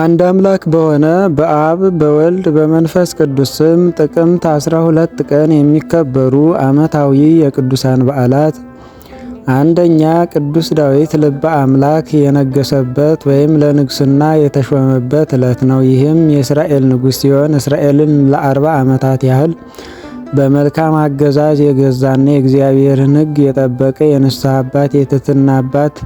አንድ አምላክ በሆነ በአብ በወልድ በመንፈስ ቅዱስ ስም ጥቅምት 12 ቀን የሚከበሩ ዓመታዊ የቅዱሳን በዓላት፣ አንደኛ ቅዱስ ዳዊት ልበ አምላክ የነገሰበት ወይም ለንግስና የተሾመበት ዕለት ነው። ይህም የእስራኤል ንጉሥ ሲሆን እስራኤልን ለአርባ ዓመታት ያህል በመልካም አገዛዝ የገዛና የእግዚአብሔርን ሕግ የጠበቀ የንስሐ አባት የትሕትና አባት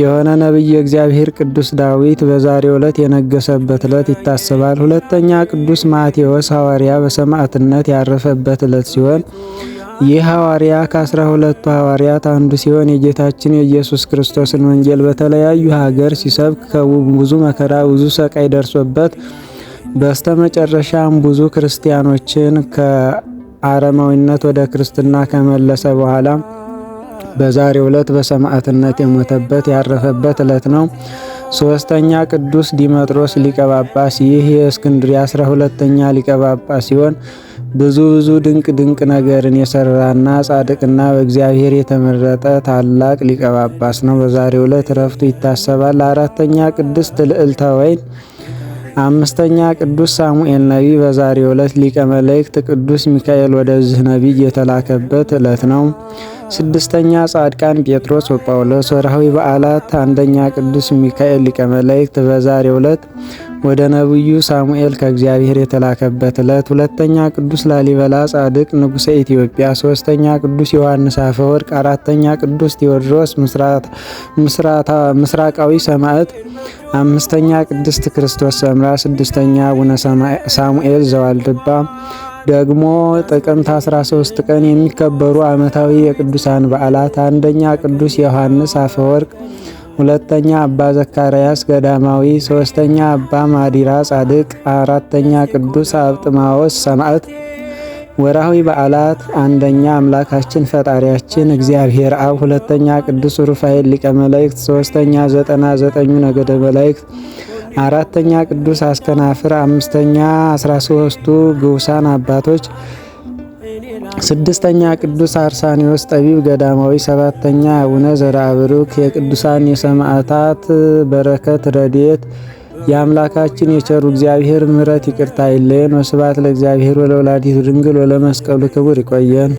የሆነ ነቢይ እግዚአብሔር ቅዱስ ዳዊት በዛሬው ዕለት የነገሰበት ዕለት ይታሰባል። ሁለተኛ ቅዱስ ማቴዎስ ሐዋርያ በሰማዕትነት ያረፈበት ዕለት ሲሆን ይህ ሐዋርያ ከአስራ ሁለቱ ሐዋርያት አንዱ ሲሆን የጌታችን የኢየሱስ ክርስቶስን ወንጌል በተለያዩ ሀገር ሲሰብክ ከብዙ መከራ፣ ብዙ ሰቃይ ደርሶበት በስተ መጨረሻም ብዙ ክርስቲያኖችን ከአረማዊነት ወደ ክርስትና ከመለሰ በኋላ በዛሬው ዕለት በሰማዕትነት የሞተበት ያረፈበት ዕለት ነው። ሶስተኛ ቅዱስ ዲመጥሮስ ሊቀ ጳጳስ። ይህ የእስክንድርያ አስራ ሁለተኛ ሊቀ ጳጳስ ሲሆን ብዙ ብዙ ድንቅ ድንቅ ነገርን የሰራና ጻድቅና በእግዚአብሔር የተመረጠ ታላቅ ሊቀ ጳጳስ ነው። በዛሬው ዕለት እረፍቱ ይታሰባል። አራተኛ ቅድስት ልዕልተ ወይን አምስተኛ ቅዱስ ሳሙኤል ነቢይ በዛሬው ዕለት ሊቀ መላእክት ቅዱስ ሚካኤል ወደዚህ ነቢይ የተላከበት ዕለት ነው። ስድስተኛ ጻድቃን ጴጥሮስ ወጳውሎስ። ወርሃዊ በዓላት አንደኛ ቅዱስ ሚካኤል ሊቀ መላእክት በዛሬው ዕለት ወደ ነቢዩ ሳሙኤል ከእግዚአብሔር የተላከበት ዕለት። ሁለተኛ ቅዱስ ላሊበላ ጻድቅ ንጉሠ ኢትዮጵያ። ሶስተኛ ቅዱስ ዮሐንስ አፈወርቅ። አራተኛ ቅዱስ ቴዎድሮስ ምስራቃዊ ሰማዕት። አምስተኛ ቅድስት ክርስቶስ ሰምራ። ስድስተኛ አቡነ ሳሙኤል ዘዋልድባ ደግሞ ጥቅምት 13 ቀን የሚከበሩ ዓመታዊ የቅዱሳን በዓላት፣ አንደኛ ቅዱስ ዮሐንስ አፈወርቅ፣ ሁለተኛ አባ ዘካርያስ ገዳማዊ፣ ሶስተኛ አባ ማዲራ ጻድቅ፣ አራተኛ ቅዱስ አብጥማዎስ ሰማዕት። ወርሃዊ በዓላት፣ አንደኛ አምላካችን ፈጣሪያችን እግዚአብሔር አብ፣ ሁለተኛ ቅዱስ ሩፋኤል ሊቀ መላእክት፣ ሶስተኛ ዘጠና ዘጠኙ ነገደ መላእክት አራተኛ ቅዱስ አስከናፍር፣ አምስተኛ አስራ ሶስቱ ግውሳን አባቶች፣ ስድስተኛ ቅዱስ አርሳኒዎስ ጠቢብ ገዳማዊ፣ ሰባተኛ አቡነ ዘራብሩክ። የቅዱሳን የሰማዕታት በረከት ረድኤት የአምላካችን የቸሩ እግዚአብሔር ምሕረት ይቅርታ አይለየን። ወስብሐት ለእግዚአብሔር ወለወላዲቱ ድንግል ወለመስቀሉ ክቡር። ይቆየን።